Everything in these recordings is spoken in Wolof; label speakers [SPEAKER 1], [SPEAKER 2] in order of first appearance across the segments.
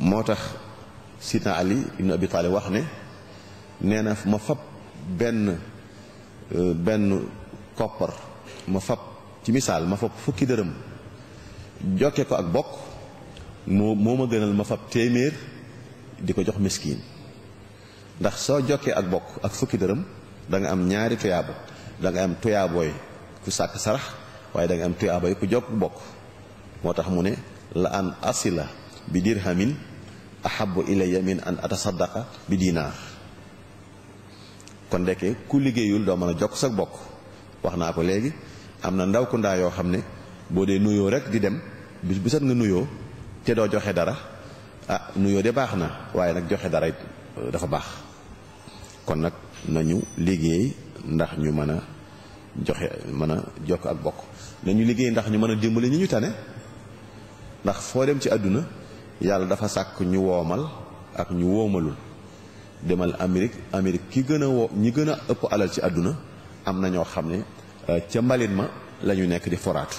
[SPEAKER 1] moo tax sidna ali ibnu abi wax ne nee na ma fab benn euh, benn koppar ma fab ci misaal ma fab fukki dërëm jokke ko ak bokk moo moo ma gënal ma fab téeméer di ko jox miskin ndax soo jokkee ak bokk ak fukki dërëm dangay am ñaari tuyaaba da nga am tuyaabooy ku sàkk sarax waaye da am tuyaabooy ku jokk bokk moo tax mu ne la an asila bi dirhamin ahabu ilayya min an ata atasaddaqa bi dinaar kon ndekkee ku liggéeyul doo mën a jokk sa bokk wax naa ko léegi am na ndaw ku ndaa yoo xam ne boo dee nuyoo rek di dem bis bu set nga nuyoo te doo joxe dara ah nuyoo de baax na waaye nag joxe dara euh, dafa baax kon nag nañu liggéey ndax ñu mën a joxe mën a jokk ak bokk nañu liggéey ndax ñu mën a dimbali ñi ñu tane ndax foo dem ci àdduna yàlla dafa sàkk ñu woomal ak ñu woomalul demal Amérique Amérique ki gën a woo ñi gën a ëpp alal ci àdduna am na ñoo xam ne euh, ca mbalit ma la ñu nekk di foraatu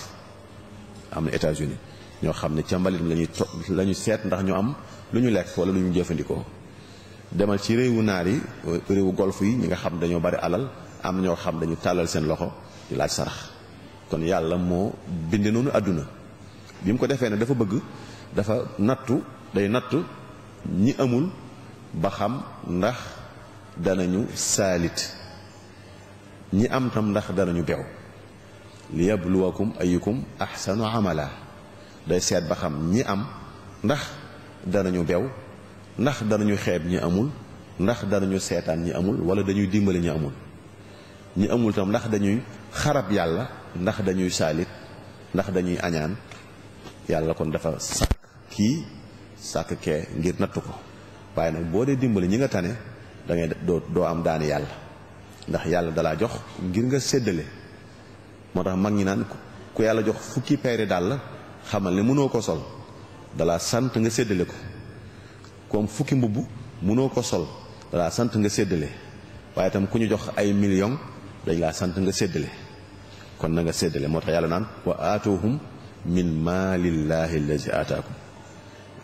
[SPEAKER 1] am na États-Unis ñoo xam ne ca mbalit ma lañuy la ñu seet ndax ñu am lu ñu lekk wala lu ñu jëfandikoo demal ci réewu naar yi euh, réewu golf yi ñi nga xam dañoo bari alal am na ñoo xam dañu tàllal seen loxo di laaj sarax kon yàlla moo bind noonu àdduna bi mu ko defee ne dafa bëgg dafa nattu day nattu ñi amul ba xam ndax danañu saalit ñi am tam ndax danañu bew li yabluwakum ayukum ahsanu amala day seet ba xam ñi am ndax ñu bew ndax danañu xeeb ñi amul ndax ñu seetaan ñi amul wala dañuy dimbali ñi amul ñi amul tam ndax dañuy xarab yàlla ndax dañuy saalit ndax dañuy añaan yàlla kon dafa sàkk kii sàkk kee ngir nattu ko waaye nag boo dee dimbali ñi nga tane dangay ngay doo doo am daani yàlla ndax yàlla dalaa jox ngir nga séddale moo tax mag ñi naan ku yàlla jox fukki peere daal la xamal ne mënoo ko sol dalaa sant nga séddale ko comme fukki mbubb mënoo ko sol dalaa sant nga séddale waaye itam ku ñu jox ay million dañ laa sant nga séddale kon na nga séddale moo tax yàlla naan wa aatuhum min maalillaahi allazi aataakum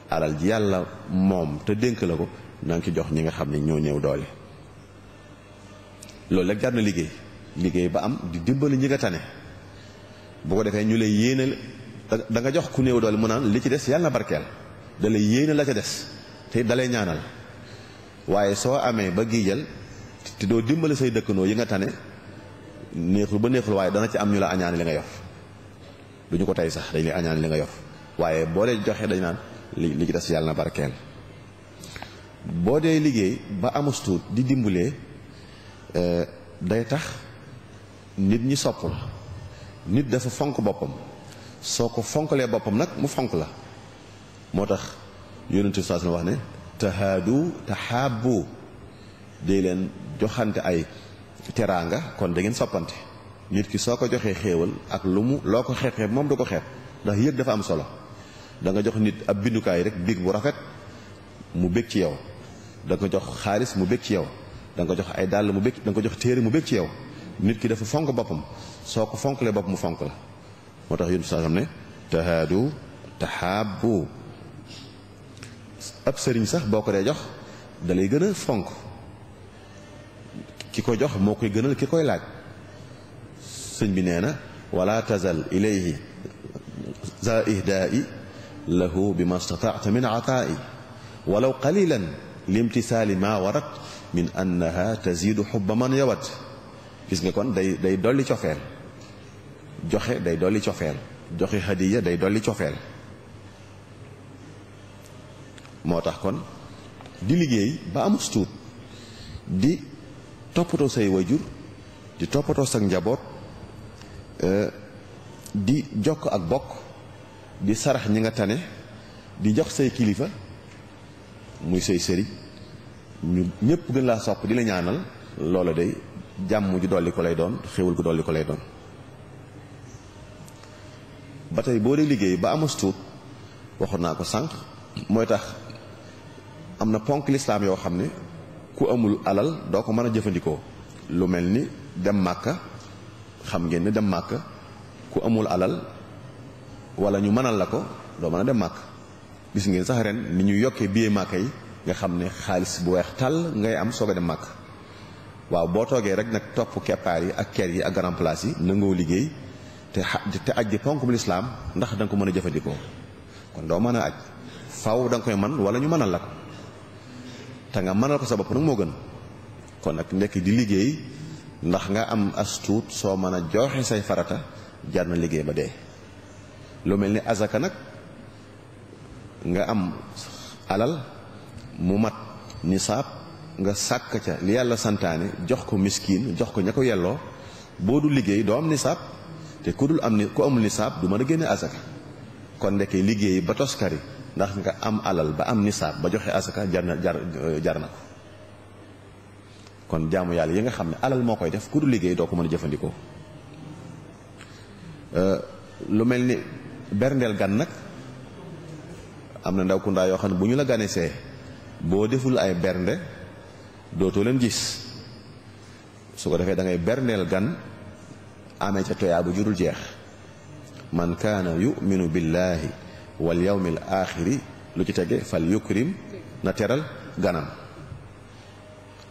[SPEAKER 1] alal ji yàlla moom te dénk la ko na nga ci jox ñi nga xam ne ñoo néew doole loolu rek jar na liggéey liggéey ba am di dimbali ñi nga tane bu ko defee ñu lay yéenal danga jox ku néew doole mu naan li ci des yàlla barkeel da lay yéenal la ca des te dalay ñaanal waaye soo amee ba giijal te doo dimbali say dëkkandoo yi nga tane neexul ba neexul waaye dana ci am ñu la añaan li nga yor du ñu ko tey sax dañ añaan li nga yor waaye boo leen joxee dañ naan li li ci des yàlla na barkeel boo dee liggéey ba amus tuut di dimbulee eh, day tax nit ñi sopp la nit dafa fonk boppam soo ko fonkalee boppam nag mu fonk la moo tax yonent bi saa wax ne tahaadu tahaabu day leen joxante ay teraanga kon da ngeen soppante nit ki soo ko joxee xéewal ak lu mu loo ko xeeb xeeb moom du ko xeeb ndax yëg dafa am solo danga jox nit ab bindukaay rek biig bu rafet mu bég ci yow da ko jox xaalis mu bég ci yow da ko jox ay dàll mu bég da nga ko jox téere mu bég ci yow nit ki dafa fonk boppam soo ko fonkalee bopp mu fonk la moo tax yun saa xam ne tahaadu tahaabu ab sëriñ sax boo ko dee jox da gën a fonk ki ko jox moo koy gënal ki koy laaj sëñ bi nee na wala tazal ilayhi za ihdaa'i lahu bi ma stataata min aataa'i walaw qalilan limtisaali maa warat min annaha tazidu xubba man yawat gis nga kon day day dolli cofeel joxe day dolli cofeel joxe hadiya day dolli cofeel moo tax kon di liggéey ba amus tuut di toppatoo say wajur di toppatoo sa njaboot eh, di jokk ak bokk di sarax ñi nga tane di jox say kilifa muy say sëriñ ñu ñëpp gën laa sopp di la ñaanal loolu day jàmm ju dolli ko lay doon xéwal gu dolli ko lay doon ba tey boo dee liggéey ba amas tuut waxoon naa ko sànq mooy tax am na ponk lislaam yoo xam ne ku amul alal doo ko mën a jëfandikoo lu mel ni dem màkka xam ngeen ne dem màkka ku amul alal wala ñu mënal la ko doo mën a dem màkk gis ngeen sax ren ni ñu yokkee billet màkk yi nga xam ne xaalis bu weex tàll ngay am soog a dem màkk waaw boo toogee rek nag topp keppaar yi ak ker yi ak grand place yi nangoo liggéey te te aj ponk bu lislaam ndax danga ko mën a jëfandikoo kon doo mën a aj faw danga koy man wala ñu mënal la ko te nga mënal ko sa bopp nag moo gën kon nag nekk di liggéey ndax nga am as soo mën a joxe say farata jar liggéey ba dee lu mel ni azaka nag nga am alal mu mat nisaab nga sàkk ca li yàlla santaane jox ko miskin jox ko ña ko yelloo boo du liggéey doo am nisaab te ku dul am ni ku amul nisaab du mën a génne azaka kon ndeke liggéey ba toskari ndax nga am alal ba am nisaab ba joxe azaka jar na jar euh, jar na ko kon jaamu yàlla yi nga xam ne alal moo koy def ku dul liggéey doo ko mën a jëfandikoo euh, lu mel ni berndeel gan nag am na ndaw kundaa yoo xam ne bu ñu la ganesee boo deful ay bernde dootoo leen gis su ko defee dangay berndeel gan amee ca toyaa jurul jeex man kaana yuminu billahi wal yawmil axiri lu ci tege fal yukrim na teral ganan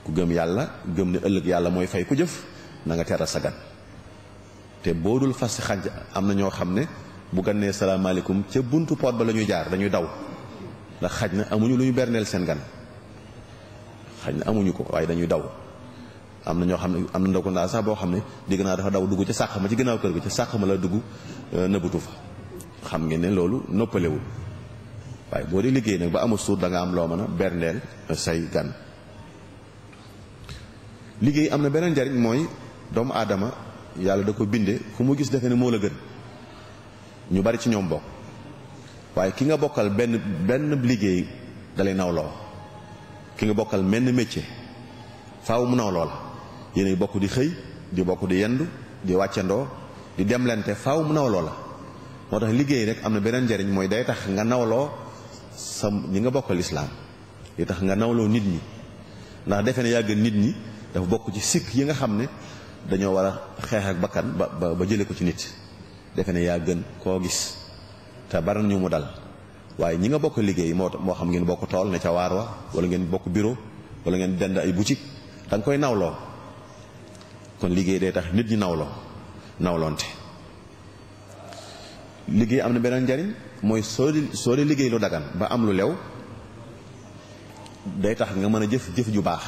[SPEAKER 1] ku gëm yàlla gëm ne ëllëg yàlla mooy fay ku jëf na nga teral sa gan te boo dul fas xaj am na ñoo xam ne bu gan nee salaamaaleykum ca buntu pot ba la ñuy jaar dañuy daw ndax xaj na amuñu lu ñu berneel seen gan xaj na amuñu ko waaye dañuy daw am na ñoo xam ne am na ndaw ndaa sax boo xam ne dégg naa dafa daw dugg ca sàq ma ci ginnaaw kër gi ca sàq ma la dugg euh, nëbbutu fa xam ngeen ne loolu noppalewul waaye boo dee liggéey nag ba amul suur da nga am loo mën a berndeel euh, say gan liggéey am na beneen njariñ mooy doomu aadama yàlla da ko binde ku mu gis defe ne moo la gën ñu bari ci ñoom bokk waaye ki nga bokkal benn benn liggéey dalay nawloo ki nga bokkal menn métier faw mu nawloo la yéen bokk di xëy di bokk di yendu di wàccandoo di demlante faw mu nawloo la moo tax liggéey rek am na beneen njariñ mooy day tax nga nawloo sa ñi nga bokkal islaam di tax nga nawloo nit ñi ndax defe ne yàgg nit ñi dafa bokk ci sikk yi nga xam ne dañoo war a xeex ak bakkan ba ba jële ko ci nit defe ne yaa gën koo gis te bari ñu mu dal waaye ñi nga bokk liggéey moo moo xam ngeen bokk tool ne ca waar wa wala ngeen bokk biro wala ngeen dend ay boutique danga koy nawloo kon liggéey day tax nit ñi nawloo nawlonte liggéey am na beneen njariñ mooy soo di soo di liggéey lu dagan ba am lu lew day tax nga mën a jëf jëf ju baax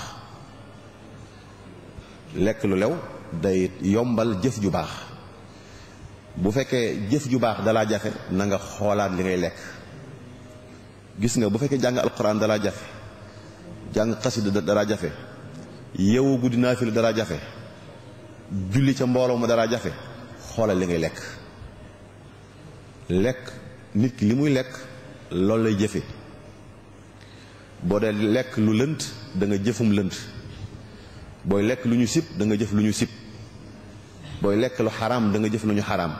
[SPEAKER 1] lekk lu lew day yombal jëf ju baax bu fekkee jëf ju baax dalaa jafe nanga xoolaat li ngay lekk gis nga bu fekkee jàng alquran dalaa jafe jàng xasida dalaa jafe yeewu guddi naafila dalaa jafe julli ca mbooloo ma dalaa jafe xoolal li ngay lekk lekk nit ki li muy lekk loolu lay jëfe boo dee lekk lu lënt da nga jëfum lënt booy lekk lu ñu sib danga jëf lu ñu sib booy lekk lu xaraam da jëf lu ñu xaraam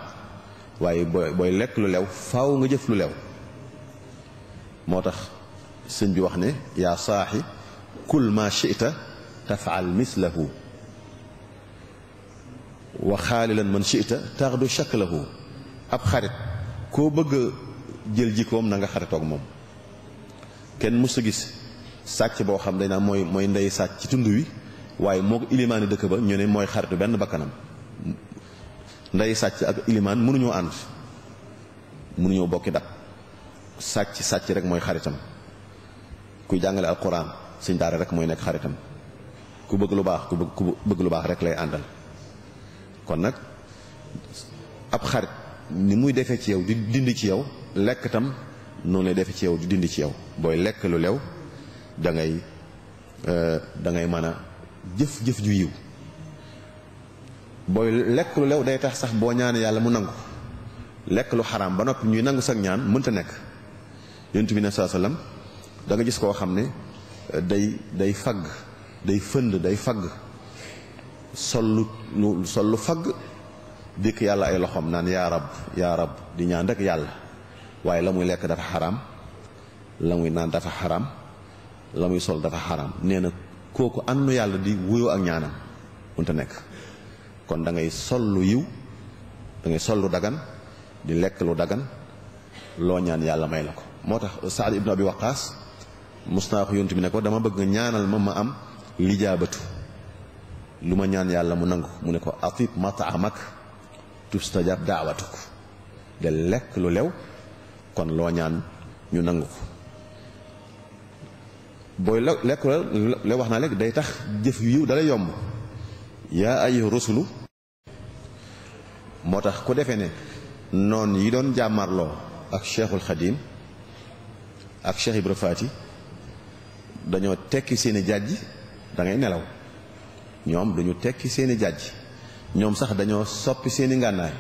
[SPEAKER 1] waaye booy booy lekk lu lew faw nga jëf lu lew moo tax sëñ bi wax ne yaa saaxi kul ma chita tafaal mislahu wa xaalilan man chita taxdu shaklahu ab xarit koo bëgg a jël jikkoom na nga xaritoog moom kenn mësu gis sàcc boo xam dañ naa mooy mooy ndey sàcc ci tund wi waaye moo ko ilimaani dëkk ba ñu ne mooy xaritu benn bakkanam nday sàcc ak ilimaan mënuñoo ànd mënuñoo bokki dab sàcc sàcc rek mooy xaritam kuy jàngale alquran sëñ daara rek mooy nekk xaritam ku bëgg lu baax ku bëgg ku lu baax rek lay àndal kon nag ab xarit ni muy defee ci yow di dindi ci yow lekk tam noonu lay defee ci yow di dindi ci yow booy lekk lu lew dangay ngay euh, da ngay mën a jëf-jëf ju yiw booy lekk lu lew day tax sax boo ñaanee yàlla mu nangu lekk lu xaraam ba noppi ñuy nangu sax ñaan mënta nekk yonent bi ne saa sallam da gis koo xam ne day day fagg day fënd day fagg sol lu sol lu fagg dikk yàlla ay loxoom naan yaa rab yaa rab di ñaan rek yàlla waaye la muy lekk dafa xaram la muy naan dafa xaraam la muy sol dafa xaraam nee na kooku ànd yàlla di wuyoo ak ñaanam mënta nekk kon da ngay sol lu yiw dangay ngay sol lu dagan di lekk lu dagan loo ñaan yàlla may la ko moo tax Saad ibnu Abi Waqaas mos naa ko yontu bi ne ko dama bëgg ñaanal ma ma am lijaabatu lu ma ñaan yàlla mu nangu mu ne ko atib mataamak tustajab daawatuk de lekk lu lew kon loo ñaan ñu nangu ko booy lekk lu lew wax naa léegi day tax jëf yu yiw dalay yomb yaa ay rosulu moo tax ku defee ne noon yi doon jàmmarloo ak cheikhul xadim ak cheikh ibra faati dañoo tekki seeni jàjj dangay nelaw ñoom duñu tekki seeni jàjj ñoom sax dañoo soppi seeni ngànnaay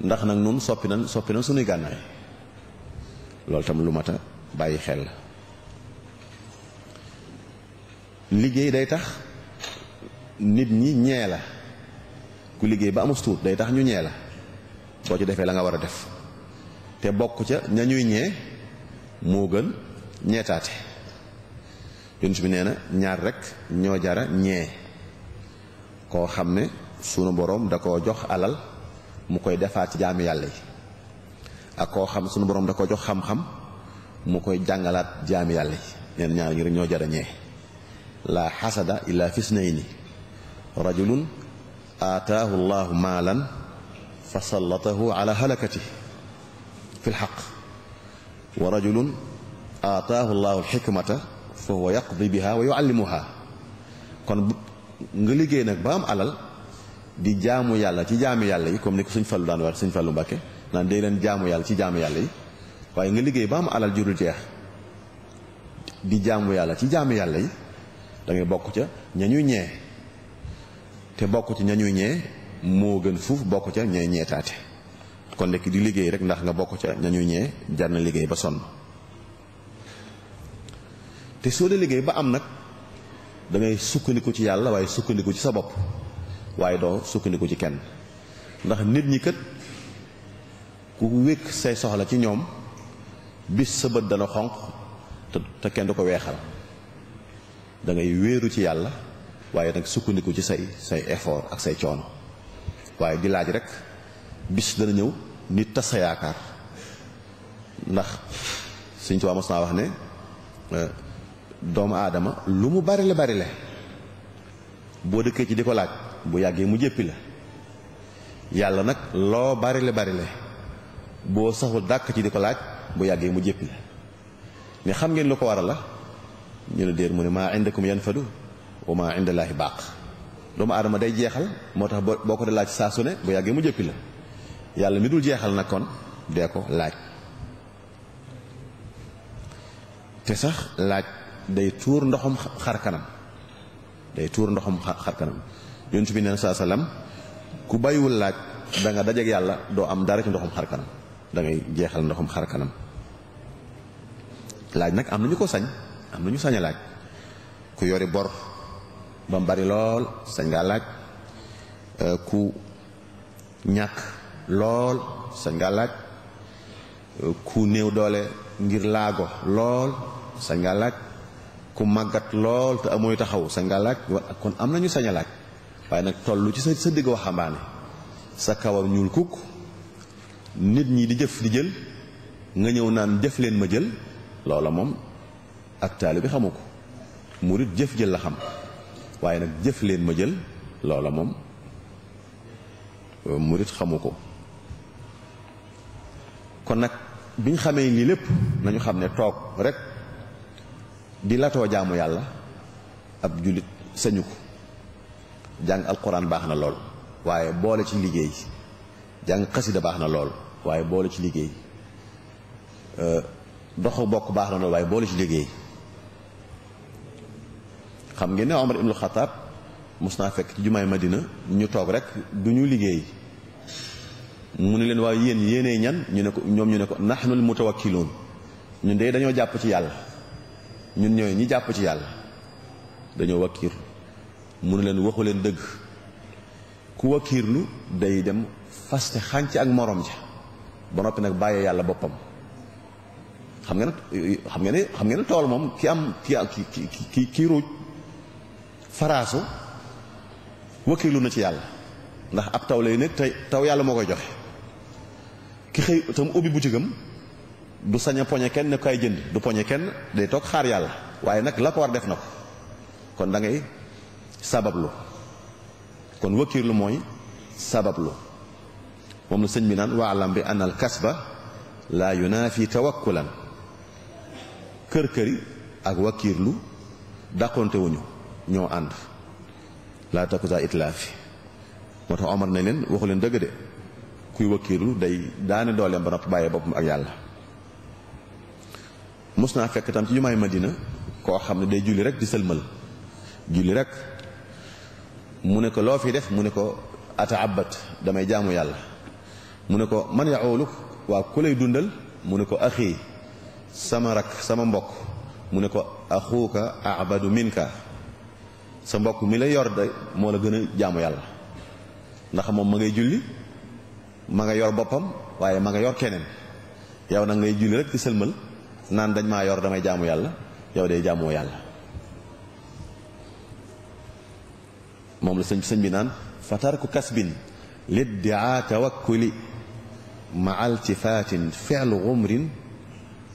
[SPEAKER 1] ndax nag nun soppi nan soppi nan suñuy gànnaay loolu tam lu mat a bàyyi xel la liggéey day tax nit ñi ñee la ku liggéey ba amus tuut day tax ñu ñee la soo ci defee la nga war a def te bokk ca ña ñuy ñee moo gën ñeetaate yonent bi nee na ñaar rekk ñoo jara ñee koo xam ne sunu boroom da koo jox alal mu koy defaat ci jaami yàlla yi ak koo xam sunu boroom da ko jox xam-xam mu koy jàngalaat jaami yàlla yi neen ñaar ñi rek ñoo jara ñee la xasada illa fisnayni rajulun aataahu llahu maalan fa sallatahu ala halakatih fi lxaq wa rajulun aataahu llahu alxikmata fa huwa yaqdi biha wa yuallimuha kon nga liggéey nag ba am alal di jaamu yàlla ci jaamu yàlla yi comme ni ko suñ fallu daan wax suñ fallu mbàkke naan day leen jaamu yàlla ci jaamu yàlla yi waaye nga liggéey ba am alal jurul jeex di jaamu yàlla ci jaamu yàlla yi da bokk ca ña ñu ñee te bokk ci ñañuy ñee moo gën fuuf bokk ca ñay ñeetaate kon nekk di liggéey rek ndax nga bokk ca ñañuy ñee jar na liggéey ba sonn te soo dee liggéey ba am nag dangay sukkandiku ci yàlla waaye sukkandiku ci sa bopp waaye doo sukkandiku ci kenn ndax nit ñi kat ku wékk say soxla ci ñoom bis sa bët dana xonq te kenn du ko weexal dangay wéeru ci yàlla waaye nag sukkandiku ci say say effort ak say coono waaye di laaj rek bis dana ñëw nit tas sa yaakaar ndax Sëñ Tuubaa mos naa wax ne euh, doomu aadama lu mu bari la bari la boo dëkkee ci di ko laaj bu yàggee mu jéppi la yàlla nag loo bari la bari la boo saxul dàkk ci di ko laaj bu yàggee mu jéppi la ne xam ngeen lu ko waral la ñu ne déer mu ne maa indakum yanfadu wa ma indallaahi baaq doomu aadama day jeexal moo tax boo ko dee laaj saa su ne bu yàggee mu jëppi la yàlla mi dul jeexal nag kon dee ko laaj te sax laaj day tuur ndoxum xar kanam day tuur ndoxum xar kanam yonent bi neen saa salaam ku bàyyiwul laaj da nga dajeek yàlla doo am dara ci ndoxum xar kanam da jeexal ndoxum xar kanam laaj nag am na ñu ko sañ am na ñu sañ a laaj ku yori bor ba mu bari lool sañ ngaa laaj euh, ku ñàkk lool sañ ngaa laaj euh, ku néew doole ngir laago lool sañ ngaa laaj ku màggat lool te amooy taxaw sañ ngaa laaj kon am nañu sañ waaye nag tollu ci sa sa digg waxambaane sa kawar ñuul kukk nit ñi di jëf di jël nga ñëw naan jëf leen ma jël loola moom ak taalibe xamu ko murit jëf jël la xam waaye nag jëf leen ma jël loola moom euh, murit xamu ko kon nag bi ñu xamee lii lépp nañu xam ne toog rek di latoo jaamu yàlla ab jullit sañu ko jàng alquran baax na lool waaye boole ci liggéey jàng xasida baax na lool waaye boole ci liggéey euh, dox bokk baax na lool waaye boole ci liggéey xam ngeen ne Omar ibnul Xataab naa fekk ci jumaay Madina ñu toog rek du ñu liggéey mu ne leen waaye yéen yéenee ñan ñu ne ko ñoom ñu ne ko naxnul mutawakkiloon ñun de dañoo jàpp ci yàlla ñun ñooy ñi jàpp ci yàlla dañoo wakkiir mu ne leen waxu leen dëgg ku wakkiirlu day dem faste xànc ak morom ja ba noppi nag bàyyee yàlla boppam xam nga nag xam nga xam nga ne tool moom ki am ki ki ki ki ruuj faraasu wakiilu na ci yàlla ndax ab taw lay nekk tey taw yàlla moo koy joxe ki xëy tam ubbi butigam du saña a poñe kenn ne ko ay jënd du poñe kenn day toog xaar yàlla waaye nag la ko war def na ko kon dangay ngay sabablu kon wakiilu mooy sabablu moom la sëñ bi naan waalam bi anal kasba laa te tawakkulan kër këri ak wakiirlu dàqonte wuñu ñoo ànd laa takusa itlaafi moo tax omar nañ leen waxu leen dëgg de kuy wakkiirlu day daane dooleem ba nopp bàyyee boppam ak yàlla mos naa fekk tam ci jumaay madina koo xam ne day julli rek di sëlmal julli rek mu ne ko loo fi def mu ne ko ataabat damay jaamu yàlla mu ne ko man yauluk waa ku lay dundal mu ne ko axi sama rak sama mbokk mu ne ko axuuka abadu minka sa mbokk mi la yor de moo la gën a jaamu yàlla ndax moom ma ngay julli ma nga yor boppam waaye ma nga yor keneen yow nag ngay julli rek ci sëlmal naan dañ maa yor damay jaamu yàlla yow day jaamoo yàlla moom la sëñ sëñ bi naan fatarku kasbin liddiaa tawakkuli ma altifaatin fi'lu umrin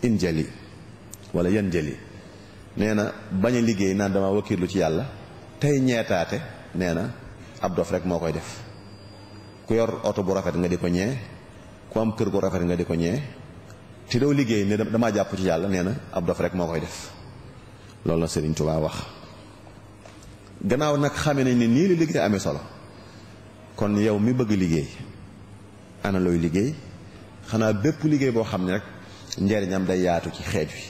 [SPEAKER 1] injali wala yanjali nee na bañ liggéey naan dama wakkiirlu ci yàlla tey ñeetaate nee na ab dof rek moo koy def ku yor oto bu rafet nga di ko ñee ku am kër gu rafet nga di ko ñee te doo liggéey ne damaa jàpp ci yàlla nee na ab dof rek moo koy def loolu la Sëriñ Tuubaa wax gannaaw nag xame nañ ne nii la liggéey amee solo kon yow mi bëgg liggéey ana looy liggéey xanaa bépp liggéey boo xam ne rek njariñam day yaatu ci xeet wi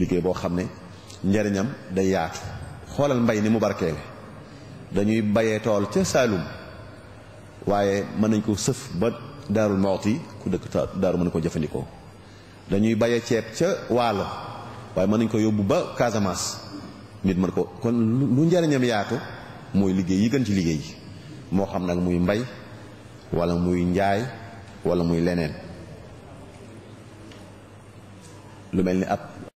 [SPEAKER 1] liggéey boo xam ne njariñam day yaatu xoolal mbay ni mu barkeele dañuy bayee tool ca Saalum waaye mën nañ ko sëf ba Daarul Muxti ku dëkk daaru mën na ko jëfandikoo dañuy bayee ceeb ca Waalo waaye mën nañ ko yóbbu ba kasamaas nit mën ko kon lu njariñam yaatu mooy liggéey yi gën ci liggéey yi moo xam nag muy mbay wala muy njaay walla muy leneen lu mel ni ab